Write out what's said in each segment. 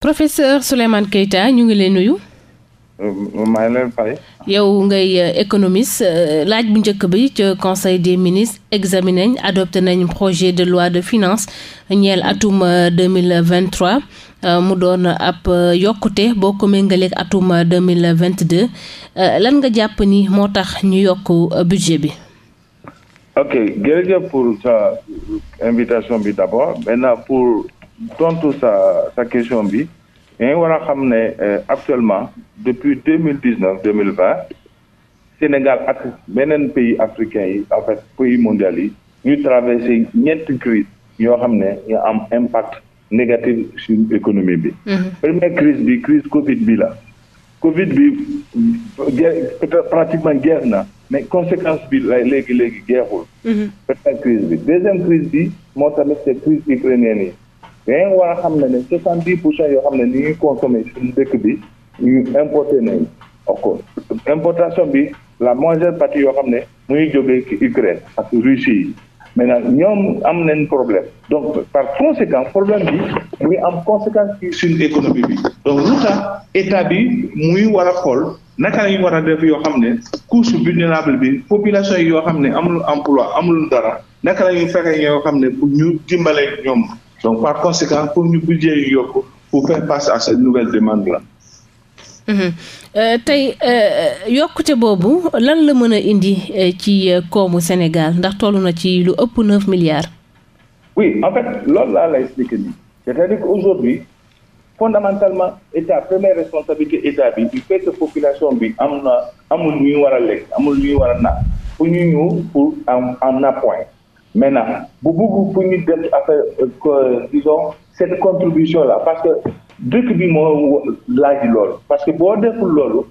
professeur Souleymane Keita ñu ngi lay nuyu. Euh, maa ngi leen fay. yow ngay euh, économiste euh, laaj bu njëkk bi ca conseil des ministre examiné nañ adopté nañ projet de loi de finance ñeel atum deux mille vingt trois mu doon ab yokkute boo ko méngaleeg atum mille vingt deux lan nga jàpp ni moo tax ñu yokk budget bi. tontu sa sa question bi dañu war xam ne euh, actuellement depuis deux mille dix neuf deux mille vingt Sénégal ak beneen pays africain yi en fait pays mondial yi ñu traversé ñetti crise yoo xam ne ñu am impact négatif sur économie bi. Mm-hmm. première crise bi crise Covid bi la. Covid bi peut pratiquement jeex na mais conséquence bi lay léegi léegi jeexul. Mm-hmm. première crise bi deuxième crise bi moo tamit c'est crise ukrainienne yi. dangeen war a xam ne ne soixante dix pour cent yoo xam ne ni ñuy consommé suñu dëkk bi ñu importé nañu oko importation bi la majeure partie yoo xam ne mu ngi jógee ci Ukraine ak Russie yi maintenant am nañ problème donc par conséquent problème bi muy am conséquence ci suñu économie bi donc lu tax état bi muy war a xool naka lañu war a def yoo xam ne couche vulnérable bi population yi yoo xam ne amul emploi amul dara naka lañu fexe yoo xam ne pour ñu dimbale ñoom donc par conséquent pour ñu budget yu yokk pour faire face à cette nouvelle demande là mmh. euh, tey euh, yokkute boobu lan la mën a indi euh, ci koomu Sénégal ndax tollu na ci lu ëpp neuf milliards oui en fait loolu laa lay expliquer nii c'est-à-dire qu'aujourd'hui fondamentalement état première responsabilité état bi du fekk que bi am na amul ñuy war a lekk amul ñuy war a naan pour ñu ñëw pour en en appoint bu Maintenant, vous ñu def affaire euh, disons cette contribution la parce que dëkk bi moo laaj lool parce que boo deful loolu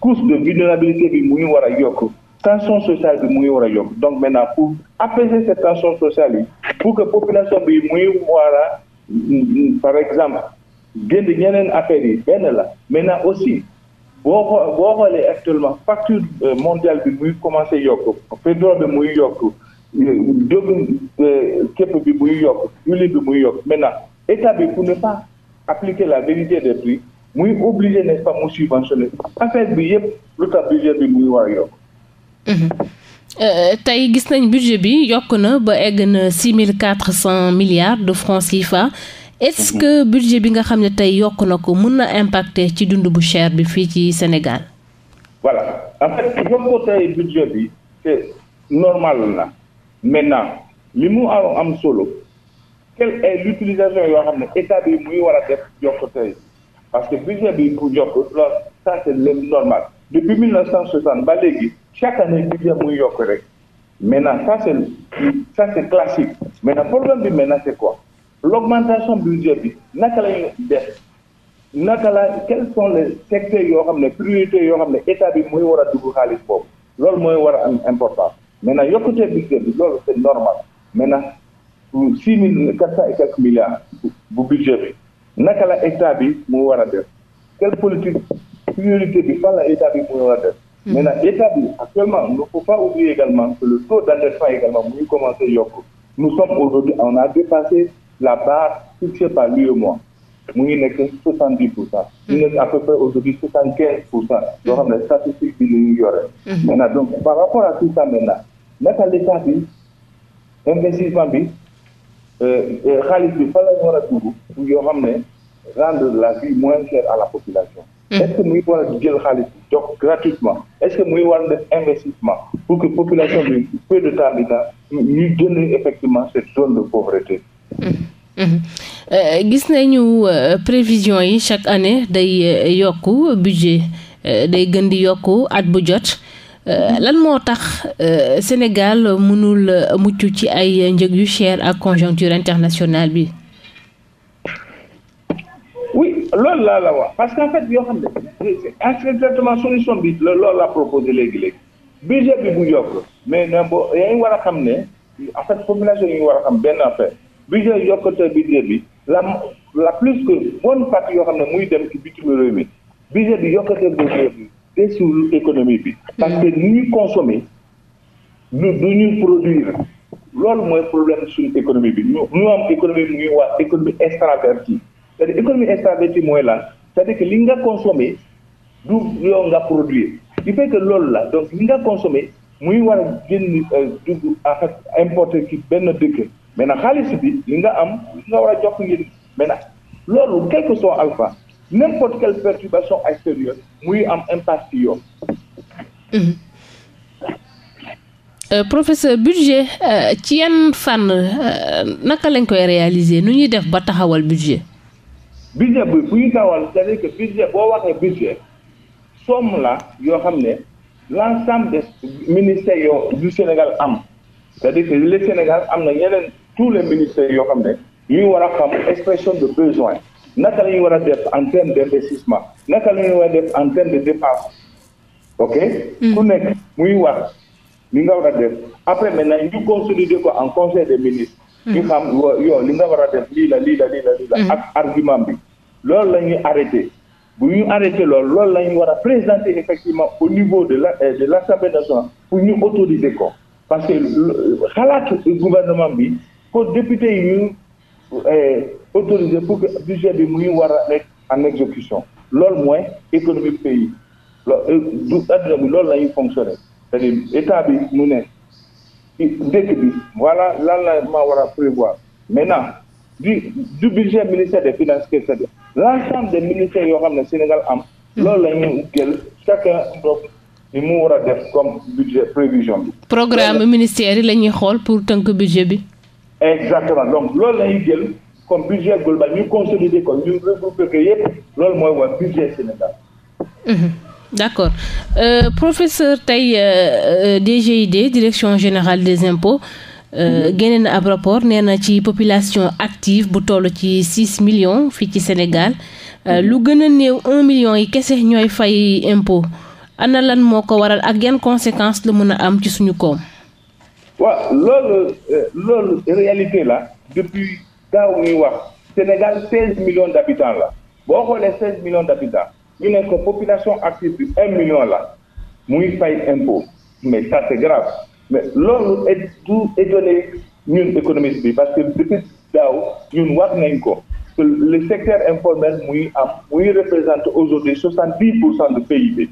couche de vulnérabilité bi mu ngi war a yokk tension sociale bi muy ngi war a yokk donc maintenant pour apaiser cette tension sociale yi pour que population bi mu ngi war par exemple génn ñeneen affaires yi benn la maintenant aussi boo boo xoolee actuellement facture euh, mondiale bi muy commencé yokk pétrole bi muy yokku doomu euh, képp bi muy yokk huile bi muy yokk maintenant état pour ne pas appliquer la vérité des prix muy obligé nest mu subventionné affaire bi yëpp lu tax budget bi muy war yokk. Mhm. Euh, tey gis nañ budget bi yokk na ba egg na six mille quatre cent milliards de francs CFA. est-ce mhm. que budget bi nga xam ne tey yokk na ko mën na impacter ci dund bu cher bi fii ci senegal voilà en fait budget bi c'est normal na. maintenant li mu am am solo e est l'utilisation yoo xam ne état bi muy war a def Jokalante parce que budget bi pour Jokalante loolu ça c'est le normal depuis mille neuf cent soixante ba léegi chaque année budget muy yokk rek maintenant ça sa ça c'est classique maintenant problème bi maintenant c'est quoi l'augmentation budget bi naka la ñu def naka la quels le les secteurs yoo xam ne priorités yoo xam ne état bi muy war a dugg xaalis boobu loolu mooy war a am importance maintenant yokkutee budget bi loolu c'est normal maintenant six mille quatre cent et quelques milliards bu budget bi naka la état bi mu war a def quelle politique priorité bi fan la état bi mu war a def hmm. maintenant état bi actuellement il faut pas oublier également que le taux d'endettement également mu ngi commencé yokk nous sommes aujourd'hui on a dépassé la barre fixée par l'UEMOA mu ngi nekk soixante dix pour cent ñu hmm. nekk à peu près aujourd'hui soixante quinze pour cent yoo hmm. xam ne statistique bi li ñu naka l'état bi investissement bi euh, euh, xaalis bi fa war a dugg yoo xam ne rendre la vie moins chère à la population est-ce que muy war a jël xaalis bi jox gratuitement est-ce que muy war a investissement pour que population bi peu de temps dina ñu génne effectivement cette zone de pauvreté euh, gis nañu prévision yi chaque année day yokku budget day gën di yokku at bu jot Euh, lan moo tax euh, Sénégal mënul euh, mucc ci ay njëg yu cher ak conjoncture internationale bi. oui loolu laa la wax parce que en fait yoo xam ne exactement bu yokk war a xam ne en fait population yi war a xam benn affaire budget yokkute budget bi la la plus que bonne partie yoo xam ne muy dem ci bitim réew mi bi yokkute budget bi. desul économie bi. parce que ni ñuy consommer ñu du loolu mooy problème suñu économie bi ñu ñu am économie mu ngi wax économie extravertie c'est-à-dire économie extravertie mooy lan cest à que li nga consommer du yow nga produire il fait que loolu la donc li nga consommer muy war a génn euh, dugg en fait importer ci benn dëkk maintenant xaalis bi li nga am li nga war a jox mais maintenant loolu quel que soit alpha. n'importe quelle perturbation extérieure muy am impact ci yoon. Euh, professeur budget euh, ci yan fànn euh, naka lañ koy réaliser nu ñuy def ba taxawal budget budget bi fu ñu taxawal cest dire que budget boo waxee budget somme la yoo xam ne l'ensemble des ministères yoo du Sénégal am c'est-à-dire que le Sénégal am na yeneen tous les ministères yoo xam ne ñu war a expression de besoin naka la ñu war a def en terme d' investissement naka la ñu war a def en terme de dépense ok. Mm. ku nekk muy wax li nga war a def après maintenant ñu consolider ko en conseil des ministres. Mm. ñu xam li nga war a def lii la lii la lii la lii la. Mm. ak argument bi loolu la ñuy arrêté. bu ñu arrêté lool loolu la ñu war a présenter effectivement au niveau de la euh, de l' assemblée nationale pour ñu autoriser ko parce que euh, xalaat gouvernement bi ko député yi ñu euh, autorisé pour que budget bi muy war a nekk en exécution loolu mooy économie pays euh, du adduna loolu la ñuy fonctionner cest à état bi mu ne dëkk bi voilà lan la ma war a prévoir maintenant du du budget ministère de finance que c'est l'ensemble des ministères yoo xam ne Sénégal am loolu la ñuy jël chacun donc li mu war a def comme budget prévision bi programme ministère yi la ñuy xool pour tënk budget bi exactement donc loolu la ñuy jël comme budget global ñu consolider ko ñu regrouper ko yëpp loolu mooy waa budget Sénégal. Mmh. d'accord euh, professeur tey euh, DGID euh, direction général des impôts. Euh, mmh. génne na ab rapport nee na ci population active bu toll ci six million fii ci Sénégal euh, mmh. lu gën a néew un million yi kese ñooy fay impo ana lan moo ko waral ak genn conséquence la mën a am ci suñu koom. waaw loolu loolu réalité la depuis. daaw ñuy wax Sénégal 16 millions d' la boo xoolee 16 million d' habitants ñu ne ko population active bi 1 million la muy fay impôt mais ça c' est grave mais loolu est tout étonné ñun économiste bi parce que depuis daaw ñun wax nañ ko que le secteur informel muy am muy représente aujourd'hui 70 pour cent du PIB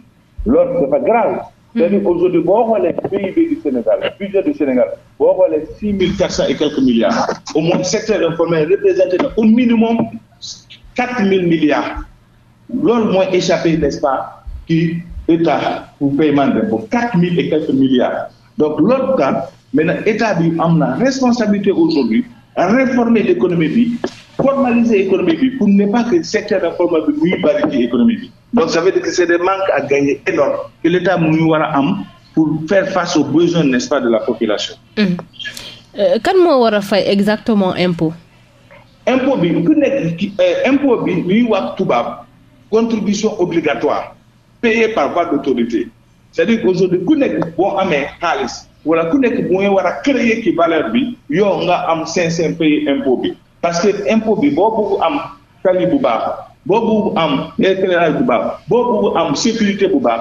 loolu dafa grave c'est-à-dire aujourd'hui boo xoolee PIB du Sénégal budget du boo xoolee six mille quatre cent et quelques milliards au moins secteur informel représenté na au minimum quatre mille milliards loolu mooy échappé n'est-ce pas qui état pour paiement d'impôt quatre mille et quelques milliards donc loolu tax maintenant état bi am na responsabilité aujourd'hui réformer l'économie bi formaliser économie bi pour ne pas que secteur informel bi muy bari économie bi donc ça veut dire que c'est des manques à gagner énormes que l'État mu ñu war a am pour faire face aux besoins n'est-ce pas de la population. Euh, kan moo war a fay exactement impôt. impôt bi ku nekk euh, impôt bi ñuy wax tubaab contribution obligatoire payée par voie d'autorité c'est-à-dire qu'aujourd'hui ku nekk boo amee xaalis wala ku nekk bu nga war a créer ci valeur bi yow nga am cinq cent payer impôt bi parce que impôt bi boo bëgg am tali bu baax. boo bugg am éclairage bu baax boo bugg am sécurité bu baax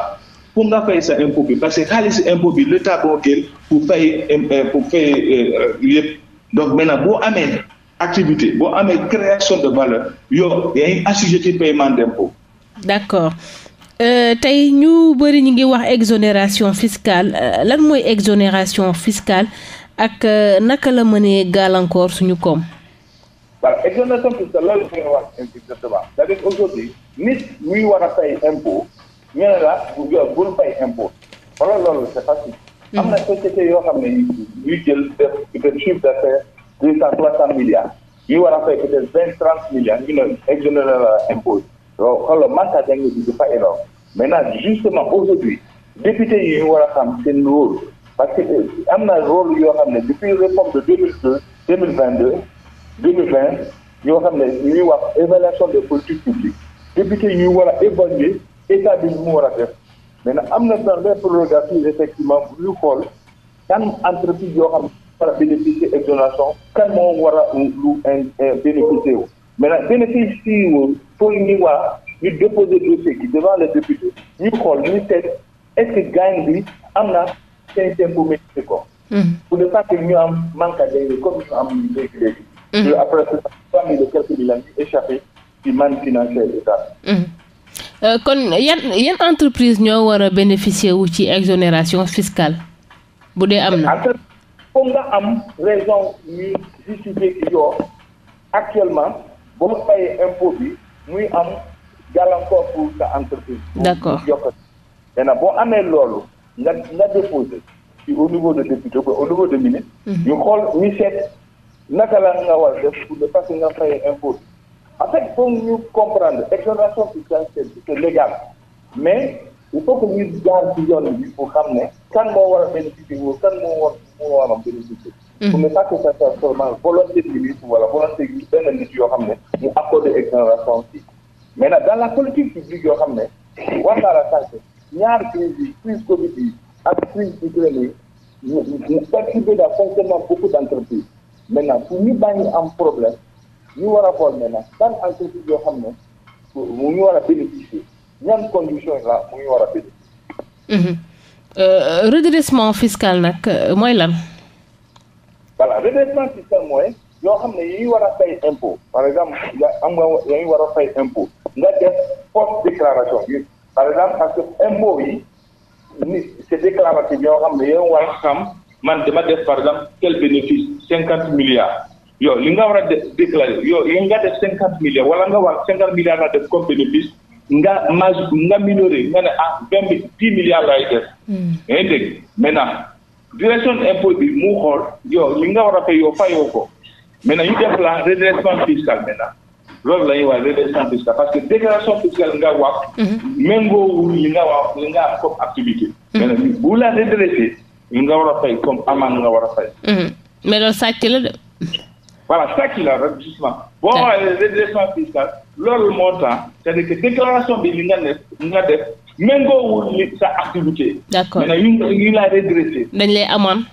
pour nga fay sa impôt bi parce que xaalis impôt bi l'état boo jël pour fay euh, pour fay euh, yëpp donc maintenant boo amee activité boo amee création de valeur yow yaay assujetti paiement d'impôt. d'accord euh, tey ñu bëri ñu ngi wax exonération fiscale euh, lan mooy exonération fiscale ak naka la mënee gàllankoor suñu koom. voilà exonération fiscale loolu la ñu wax exactement c'est-à-dire aujourd'hui nit ñuy war mm-hmm. uh, a fay impôt ñu ne la bu bul fay impôt wala loolu c'est facile. am na société yoo xam ne ñuy jël def peut-être chiffre d'affaires deux cent trois cent milliards ñuy war a fay peut-être vingt trente milliards ñu uh, ne exonéré la impôt loolu xoolal manque à gagner bi du pas énorme maintenant justement aujourd'hui député yi ñu war a xam seen rôle parce que euh, am na rôle yoo xam ne depuis réforme de deux mille deux deux mille vingt deux deux mille vingt ñoo xam ne ñuy wax évaluation des politiques publiques député yi ñu war a évaluer état bi mu war a am na dans les prérogatives effectivement bu ñu xool kan entreprise yoo xam war a bénéficier exonération kan moom war a lu bénéficier wu maintenant bénéfice yi woon pour ñu waa ñu déposer dossier bi devant les députés ñu xool ñu seet est que gain bi am na cinq cent pour mille pour ne pas que am manque a comme ñu am léegi que mm-hmm. après ces famille mm-hmm. euh, kon yan yan entreprise ñoo war a bénéficier wu ci exonération fiscale bu dee am na. foog nga am raison ñu justifier ci yoon actuellement boo fayee impôt bi muy am gàllankoor pour sa entreprise. d'accord yokk maintenant boo amee loolu nga nga déposé ci au niveau de député au niveau de ministre. Mm-hmm. ñu xool ñu seet naka la nga war def pour ne parce que nga fay impôt en fait il faut comprendre exonération fiscale c'est légal mais il i que ñu jaar ci yoon bi pour xam ne kan moo war a bénéficier woo kan moo war a bénéficier mm-hmm. pour ne pas que ça soit seulement nit yoo xam ne ñu accordé exonération ci mais nag dans la politique publique yoo xam ne war naa la tànk ñaar crise yi crise Covid yi ak crise Ukraine yi mu perturbé la fonctionnement beaucoup d'entreprises maintenant pour ñu bàyyi am problème ñu war a xool maintenant ban entreprise yoo xam ne mu ñu war a bénéficier ñan condition la mu ñu war bénéficier. Mhm. Euh, redressement fiscal nag euh, mooy lan. voilà redressement fiscal mooy yoo xam ne yi war fay impôt par exemple am nga yaa ngi war fay impôt nga def fausse déclaration bi par exemple parce que impôt yi ni c'est yoo xam ne yow war xam. man dama def par exemple tel bénéfice cinquante milliards yow li nga war a déclarer yow yi nga def cinquante milliards wala nga war cinquante milliards la def comme bénéfice nga maj nga minoré nga a ah vingt dix milliards laay def. Hmm. yaa ngi dégg maintenant direction impôt bi mu xool yo li nga war a fay yow fayoo ko maintenant ñu def la redressement fiscal maintenant. loolu la ñuy wax redressement parce que déclaration fiscale nga wax. Hmm. méngoowul li nga li nga am li nga war a fay mhm. sàcc la de. voilà sàcc la rek boo moo tax c'est-à-dire déclaration bi li nga def nga def méngoowul li sa activité. d'accord dañ lay amoon.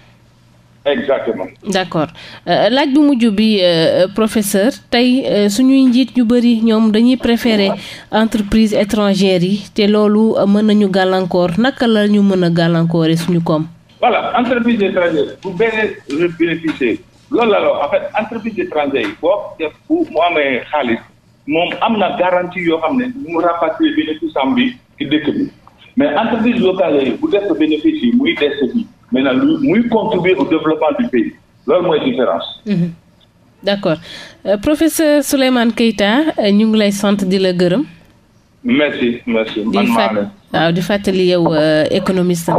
exactement. d'accord euh, laaj bu mujj bi euh, professeur tey euh, suñuy njiit ñu bari ñoom dañuy préférer entreprise étrangère yi te loolu mën nañu gàllankoor naka la ñu mën a gàllankoore suñu koom. voilà entreprise étrangère bu benn bénéficier loolu la la en fait entreprise étrangère yi boo def bu mu amee xaalis moom am na garantie yoo xam ne mu rapatrier bénéfice mais entreprise locale yi bu muy des bi maintenant muy contribuer au développement du pays loolu mooy différence. Mmh. d' accord euh, professeur Souleymane euh, ñu ngi lay sant di la gërëm. merci merci man maa waaw di fàttali yow euh, économiste